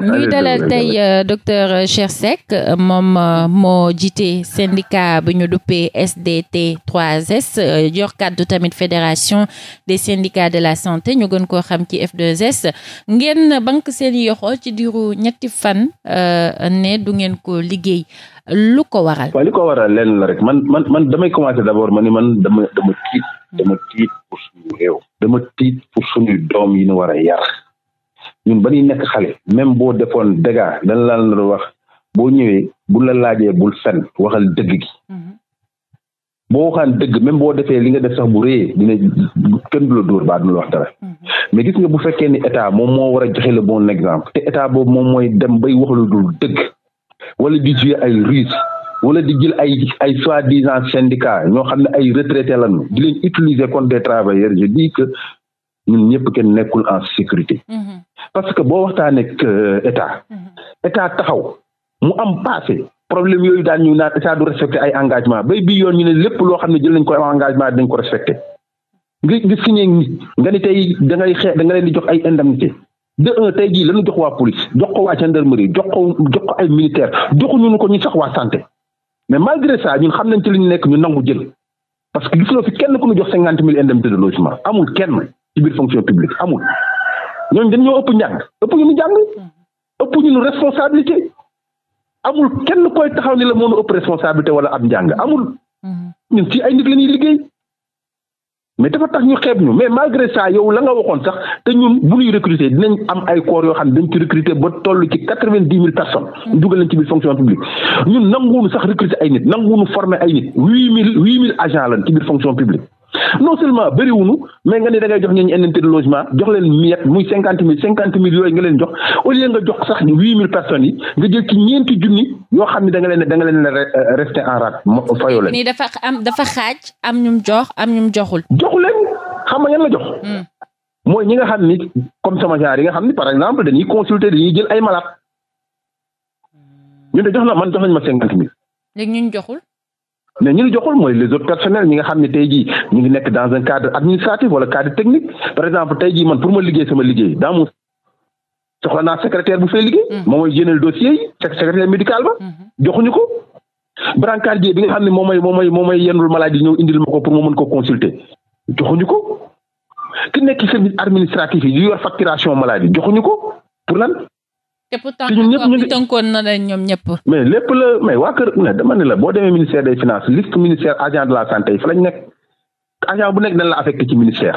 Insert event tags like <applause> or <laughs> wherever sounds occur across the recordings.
ñuy dalal tey docteur euh, chersec moom euh, moo jiite syndicat bu ñu duppee SDT s jox euh, kaddu tamit fédération des syndicats de la santé ñu gën koo xam ci F2S ngeen bank seen yoxo ci diiru ñetti fan ne du ngeen ko liggéey lu ko waral. waaw li ko waral lenn la rek man man man damay commencer d'abord ma man dama tiit. pour suñu réew. dama tiit pour suñu doom yi ñu war a yar. ñun ba ñuy nekk xale même boo defoon da dañ la la wax boo ñëwee bu la laajee bul fen waxal dëgg gi mhm. boo waxaan dëgg même boo defee li nga def sax bu réyee dina kenn du la dóor baa du la wax dara mhm. mais gis nga bu fekkee ni état moom moo war a joxe le bon exemple te état boobu moom mooy dem bay wax lu dul dëgg wala di ay ruse wala di jël ay ay soi-disant syndicat ñoo xam ne ay retraité lañu di leen utiliser contre des travailleurs je que ñun ñëpp kenn nekkul en sécurité. Mhm. parce que boo waxtaanee euh, état. Mhm. état taxaw mu am passé problème yooyu daan ñu naan état du respecté ay engagement bay bii yoon ñu ne lépp loo xam ne jël nañ ko engagement dañ ko respecté. da ngay da nga leen di jox ay indemnité de un tey jii lañu jox waa police jox ko waa ko ñu sax waa santé mais malgré ça ñun xam nañ ci li ñu nekk ñu nangu jël parce que gis fi kenn ku ñu jox cinquante mille indemnité de logement amul kenn. ci biir fonction publique amul ñooñu dañ ñoo ëpp njàng ëpp ñu jàng ëpp ñu nu responsabilité amul kenn koy taxaw ni la moo nu ëpp responsabilité wala am njàng amul ñun ci ay nit la liggéey mais dafa tax ñu xeeb ñu mais malgré ça yow la nga waxoon sax te ñun bu ñuy recruter dinañ am ay corps yoo xam dañ ci recruter ba toll ci quatre vingt dix mille personnes. Hmm. dugal leen ci biir fonction publique ñun nanguwuñu sax recruter ay nit nanguwuñu former ay nit huit mille huit mille agents lañ non seulement bëriwunu mais nga ni da ngay jox ñooñu indemnité de logement jox leen miette muy cinquante mille cinquante mille yooyu nga leen jox au lieu nga jox sax huit mille personnes yi nga jël ci ñeenti junni yoo xam ne da nga leen da nga euh, dafa am dafa xaaj am ñum jox am ñum joxul. joxu leen xam nga yan la jox. Hmm. mooy ñi nga xam ni comme sama genre yi nga xam ni par exemple dañuy consulter dañuy jël ay malade ñu de jox na man jox nañ ma cinquante mille. léegi ñun joxul. mais ñu ngi joxul mooy les autres personnels ñi nga xam ne tey jii ñu ngi nekk dans un cadre administratif wala cadre technique par exemple tey jii man pour ma liggéey sama liggéey daa mu soxla naa secrétaire bu fay liggéey. Mm-hmm. moom mooy génneel dossier yi secrétaire médical ba. Mm-hmm. joxuñu ko brancardier bi nga xam ne moom mooy moom mooy moom mooy yenul maladie ñëw indil ma ko pour ma mën ko consulter joxuñu ko ki nekk service administratif yi yu yor facturation maladie joxuñu ko pour te pourtant ñun ñëpp ñu ngi na leen ñoom ñëpp. mais lépp la mais waa kër ne dama la boo demee ministère des finances liste ministère agent de la santé yi fa lañ nekk agent bu nekk dañ la affecté ci ministère.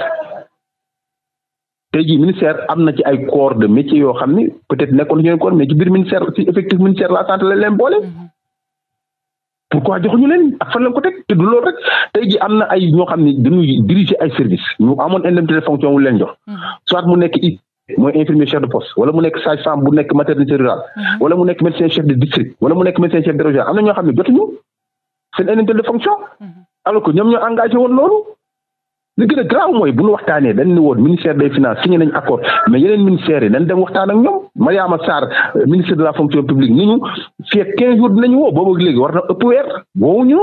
tey jii ministère am na ci ay corps de métier yoo xam ni peut-être nekkoon nañu corps mais ci biir ministère ci effectif ministère de la santé lañ leen boole. Mm-hmm. pourquoi joxuñu leen ak fan lañ ko teg te du loolu rek tey jii am na ay ñoo xam ni dañuy diriger ay services ñu amoon indemnité de fonction leen jox. Mm-hmm. soit mu nekk mooy infirmier chef de poste wala mu nekk sage-femme bu nekk maternité rurale mhm. wala mu nekk médecin chef de district wala mu nekk médecin chef de région am na ñoo ne jotuñu seen indemnité de fonction mhm. alors ñoom engagé woon loolu li gën a grave mooy bu ñu waxtaanee dañ ne woon ministère des finances signé nañ accord mais yeneen ministères yi dañ dem waxtaan ak ñoom Mariama Sarr euh, ministre de la fonction publique ni ñu fii ak 15 jours dinañu woo boobu léegi war na ëpp weer woowuñu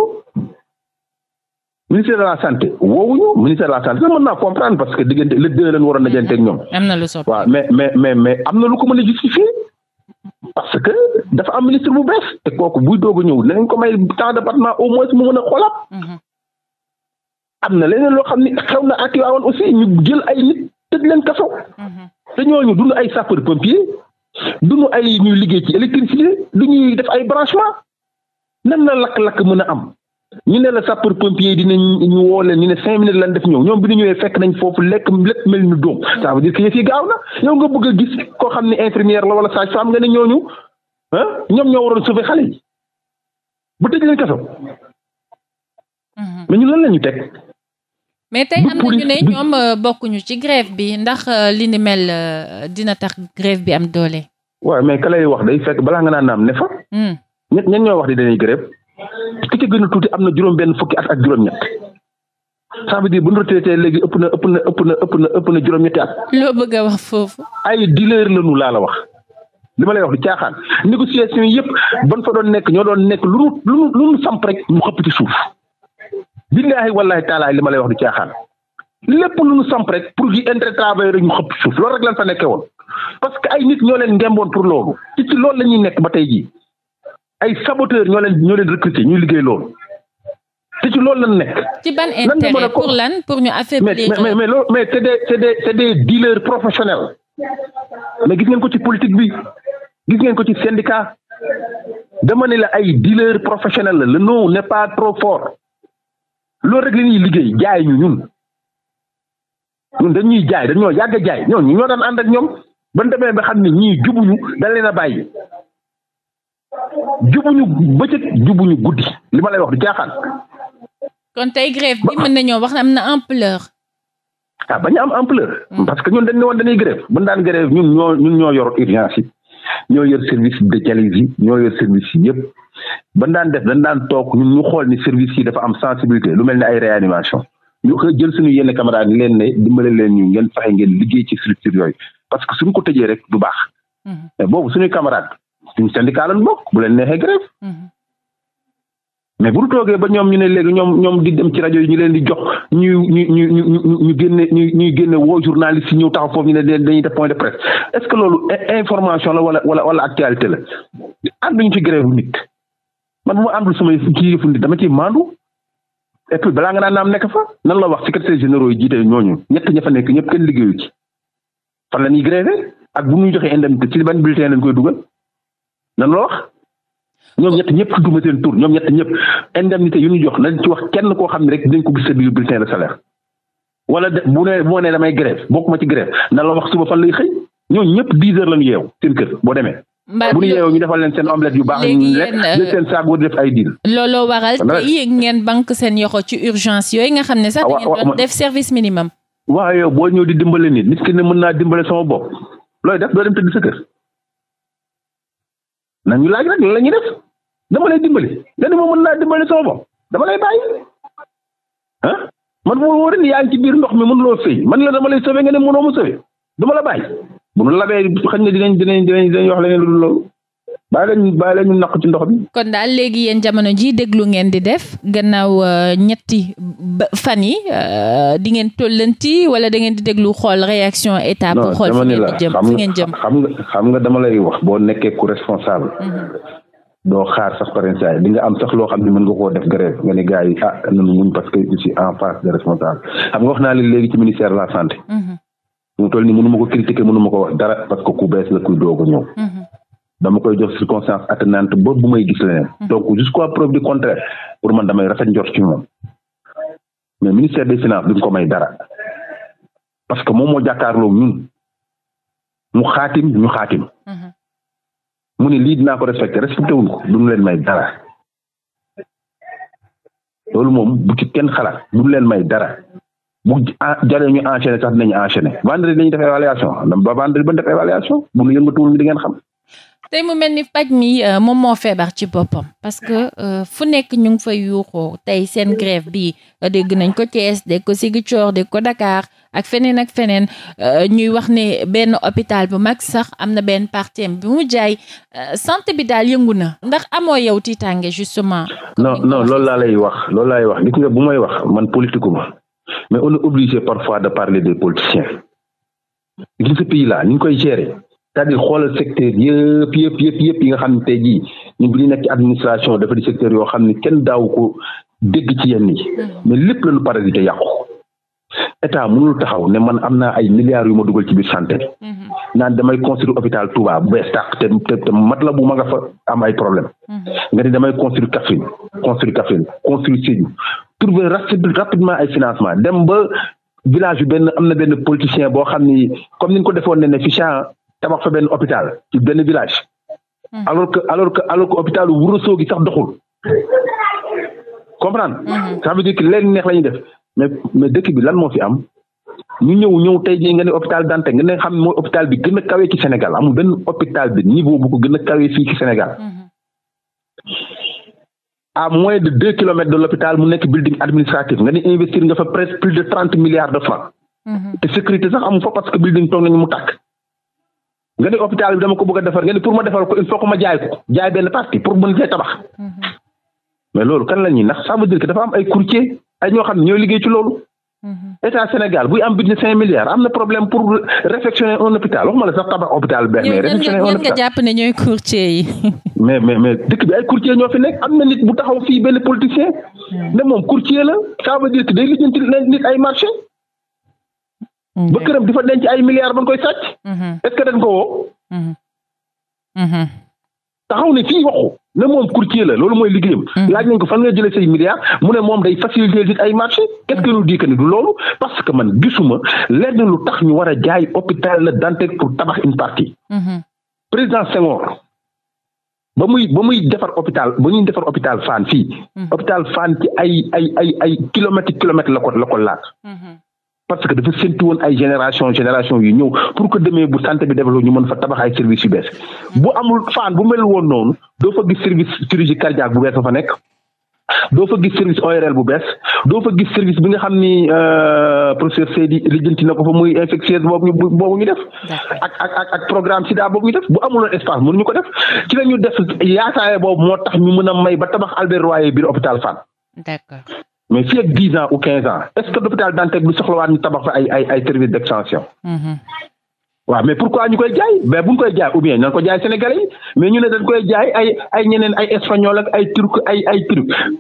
ministère de la santé woowuñu ministère de la santé sax mën naa comprendre parce que diggante le deux leen waroon na jënte ak ñoom. Mm-hmm. am na waaw mais mais mais am na lu ko mën a justifier parce que dafa am ministre bu bees te kooku buy doog ñëw dinañ ko may temps département au moins mu mën a xoolaat. Mm-hmm. am na leneen loo xam ni xew na ak waawoon aussi ñu jël ay nit tëj leen kaso. Mm-hmm. te ñooñu duñu ay sapeur du duñu ay ñuy liggéey ci électricité du ñuy def ay branchement nan la lakk-lakk mën a am. ñu ne la sapeur pompier dinañ ñu woo leen ñu ne cinq minutes lan def ñëw ñoom bi ñu ñëwee fekk nañ foofu lekk lépp mel ni dóom ça veut dire que gaaw na yow bëgg a koo xam ne infirmière la wala sage femme nga ne ñooñu ah ñoom ñoo waroon sauver xale yi bu tëj leen kaso. Mhm. mais ñu lan la ñu teg. mais tey am na ñu ne ñoom euh, bokkuñu ci grève bi ndax euh, li ni mel euh, dina tax grève bi am doole. waaw mais ka lay wax day fekk balaa nga naan naam ne fa. Hmm. ñett ñoo wax di dañuy grève. ki ci gën tuuti am na juróom-benn fukki at ak juróom-ñett ça veut dire bu ñu léegi ëpp na ëpp na ëpp na ëpp na ëpp na juróom-ñetti at. loo bëgg ay dealer la ñu laa la wax li ma lay wax du caaxaan négociation yëpp ban fa doon nekk ñoo doon nekk lu lu lu nu mu xëpp ci suuf. billaahi wallaahi taalaay li ma lay wax du caaxaan lépp lu nu samp rek pour di intérêt travailleur rek ñu xëpp ci suuf loolu rek fa nekkee woon parce que ay nit ñoo leen ngemboon pour loolu la ñuy nekk ba tey jii. ay saboteur ñoo leen ñoo leen recruter ñuy liggéey loolu te ci loolu la nekk. ci ban intérêt pour lan pour ñu affaiblir. mais mais mais mais c'est des c'est des c'est des dealers professionnels gis ngeen ko ci politique bi gis ngeen ko ci syndicat dama ne la ay dealers professionnels la le nom n'est pas trop fort loolu rek la ñuy liggéey jaay ñu ñun ñun dañuy jaay dañoo yàgg jaay ñooñu ñoo daan ànd ak ñoom ban demee ba xam ne ñii jubuñu dañ leen a bàyyi. jubuñu bëccëg jubuñu guddi li ma lay wax du caaxaan. kon tey grève bi mën nañoo wax am na ampleur. Ah, bañ am ampleur. Hmm. parce que ñun dañ ne woon dañuy grève bu ñu daan grève ñun ñoo ñun ñoo yor urgence yi ñoo yor service de dialyse yi ñoo yor service yi yëpp ban daan def dañ daan took ñun ñu xool ni service yi dafa am sensibilité lu mel ne ay réanimation ñu xëy jël suñu yenn camarades yi leen ne dimbale leen ñu ngeen fexe ngeen liggéey ci structure yooyu parce que suñ ko tejee rek du baax. Hmm. suñu la lañ bokk bu leen neexee grève mhm. mais bu ñu toogee ba ñoom ñu ne léegi ñoom ñoom di dem ci rajo yi ñu leen di jox ñu ñu ñu ñu ñu génne ñu ñuy génne woo journaliste yi ñëw taxaw foofu ñu ne dañuy def point de presse est-ce que loolu information la wala wala wala actualité la ànduñu ci grève nit man bu ma lu sumay ci yëfu nit dama ciy maandu et puis balaa nga naan naam nekk fa nan la wax secrétaire généraux yi jiite ñooñu ñett ña fa nekk ñëpp kenn liggéeyu ci fan la ñuy grévé ak bu ñuy joxee lañ koy dugal nan la wax ñoom ñett ñëpp tudduma seen tur ñoom ñett ñëpp indemnité yu ñu jox nañ ci wax kenn koo xam ne rek dinañ ko gis sa biir bulletin de salaire wala de bu nee moo ne damay grève bokkuma ci grève nan la wax suba fan lay xëy ñooñu ñëpp dix heures lañu yeew seen kër boo demee. bu ñu yeewoo ñu defal seen omelette yu baax. léegi seen saag def ay diil. ne sax. Ah, da ngeen doon def service minimum. waaw boo ñëw di dimbale nit nit ki ne mën naa dimbale sama bopp looy def nañu laaj rek la ñuy def dama lay dimbali nga ne ma mën naa dimbali sama bopp dama lay bàyyi ah man moo ma wóoree ni yaa ngi ci biir ndox mi mënuloo sëy man la dama lay sauver nga ne mënoo ma sauver dama la bàyyi bu nu labee xëy na dinañ dinañ dinañ dinañ wax leneen lu dul loolu bàyyi leen ñu bàyyi leen ñu naq ci ndox bi. kon daal léegi yéen jamono ji déglu ngeen di def gannaaw euh, ñetti fan yi euh, di ngeen tollanti wala da ngeen di déglu xool réaction état. pour xool fi ngeen jëm fi ngeen jëm xam nga xam nga dama lay wax boo nekkee ku responsable. Mhm. doo xaar sax parensaay di nga am sax loo xam ne mën nga koo def grève nga ne gars yi ah nanu muñ parce que je suis en face de responsable xam nga wax naa leen léegi ci ministère de la santé. Mhm. mu toll nii mënu ma ko critiquer mënu ko wax dara a ñëw. Mhm. dama koy jox circonstance atténuante ba bu may gis leneen. Hmm. donc jusqu'à preuve du contraire pour man damay rafet njort ci moom mais ministère des finances duñ ko may dara parce que moom moo jàkkaarloo ñun mu xaatim ñu xaatim. Hmm. mu ne ko respecté respecté wuñ ko duñ leen may dara loolu moom bu ci kenn xalaat duñ leen may dara bu jaree ñu enchaîner sax dinañu enchaîner vendredi dañuy def évaluation ba vendredi ba évaluation bu ñu yëngatuwul ñu di ngeen xam. tey mu mel ni paj mi euh, moom moo feebar ci boppam parce que euh, fu nekk ñu ngi fa yuuxoo tey seen grève bi euh, dégg nañ ko Thiès dégg ko Ziguinchor dégg ko Dakar ak feneen ak feneen ñuy wax ne benn hôpital bu mag sax am na benn partie bu mu jaay santé bi daal yëngu na ndax amoo yow tiitaange justement non non loolu laa lay wax lool laa lay wax gis nga bu may wax man politique ma mais on est obligé parfois de parler des politiciens gis nga ce pays là ni koy gérer c'est-à-dire xoolal secteur yëpp yëpp yëpp yëpp yi nga xam ne tey jii ñu bi ñu nekk administration dafa di secteur yoo xam ne kenn daaw ko dégg ci yenn yi mm-hmm. mais lépp lañu parasité yàqu état mënul taxaw ne man am naa ay milliards yu ma dugal ci biir santé mm-hmm. naan damay construire hôpital Touba bu bees tàq te te mat la bu ma nga fa am ay problème mm-hmm. nga ne damay construire Kaffrine construire Kaffrine construire Sédhiou trouver rapidement ay financement dem ba village bi benn am na benn politicien boo xam ni comme ni ñu ko tabax fa benn hôpital ci benn village. Hmm. alors que alors que alors que hôpital Ouro Sogui sax doxul. comprendre. Hmm. ça veut dire que leen neex la ñuy def mais mais dëkk bi lan moo fi am ñu ñëw ñëw tey jii nga ne hôpital dante nga ne xam mooy hôpital bi gën a kawe ci Sénégal amu benn hôpital bi niveau bu gën a kawe fii ci Sénégal. a hmm. moins de deux kilomètres de l'hôpital mu nekk building administratif nga ne investir nga fa presque plus de trente milliards de francs. te mu tàkk. nga ne hôpital bi dama ko bëgg a defar nga ne pour ma defar ko il faut que ma jaay benn partie pour mën cee tabax mm-hmm. mais loolu kan la ñuy nax ça veut dire que dafa am ay courtier ay ñoo xam ne ñooy liggéey ci loolu mm-hmm. état Sénégal buy am budget cinq milliards am na problème pour réfectionner un hôpital waxuma la sax tabax hôpital benn mais réfectionner nga jàpp ne ñooy courtier yi <laughs> mais mais mais dëkk bi ay courtier ñoo fi nekk am na nit bu taxaw fii benn politicien mm-hmm. ne moom ba mm-hmm. këram di fa denc ay milliards ba nga koy sàcc. Mm-hmm. est-ce que dañ ko woo. Mm-hmm. taxaw ne fii waxu ne moom courtier la loolu mooy liggéeyam. laaj nañ ko fan nga jëlee say milliards mu ne moom day faciliter nit ay marché qu'est-ce que nous dit que ni du loolu parce que man gisuma lenn lu tax ñu war a jaay hôpital la Dantec pour tabax une partie. président Senghor ba muy ba muy defar hôpital ba ñuy defar hôpital Fann fii. hôpital Fann ci ay ay ay ay kilomètres kilomètres la ko la parce que dafa séntu woon ay génération génération yu ñëw pour que demee bu santé bi développé ñu mën fa tabax ay services yu bees bu amul faan bu mel woon noonu doo fa gis service chirurgie cardiaque bu bees ba fa nekk doo fa gis service ORL bu bees doo fa gis service bi nga xam ni euh, professeur Seydi lijjanti na ko fa muy infectieuse boobu ñu boobu ñu def. ak ak ak ak programme sida boobu ñu def bu amuloon espace mënuñu ko def ci la ñu def yaataaye boobu moo tax ñu mën a may ba tabax Albert Royer biir hôpital Fann. d'accord. mais fii ak dix ans ou quinze ans est-ce que l'hôpital Dantec lu soxlawaat ñu tabax fa ay ay ay service d'extension. Mm-hmm. waaw mais pourquoi ñu koy jaay mais bu ñu koy jaay ou yi mais ñu ne dañ koy jaay ay ñeneen ay ay turc ay ay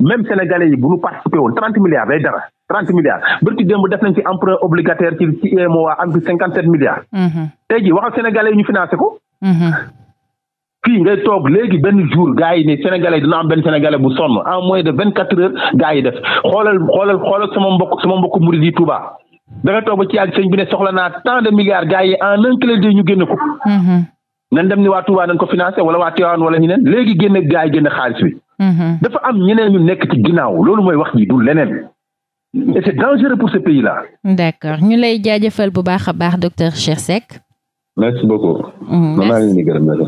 même sénégalais yi bu ñu participé woon trente milliards day dara trente milliards bërki démb def nañ ci emprunt obligataire ci ci UEMOA am ci cinquante sept milliards. Mm-hmm. tey jii waxal sénégalais yi ñu financé fii ngay toog léegi benn jour gars yi ne sénégalais dina am benn sénégalais bu sonn en moins de vingt quatre heures gars yi def xoolal xoolal sama mbokk sama mbokk murid yi Touba da toog ba ci yàgg sëñ bi ne soxla naa tant de milliards gars yi en un clé ñu génn ko. Mm-hmm. nan dem ni waa Touba nañ ko financé wala waa Tivaouane wala ñeneen léegi génne gars yi génne xaalis bi. Mm-hmm. dafa am ñeneen ñu nekk ci ginnaaw loolu mooy wax ji du leneen. et c'est pour ce a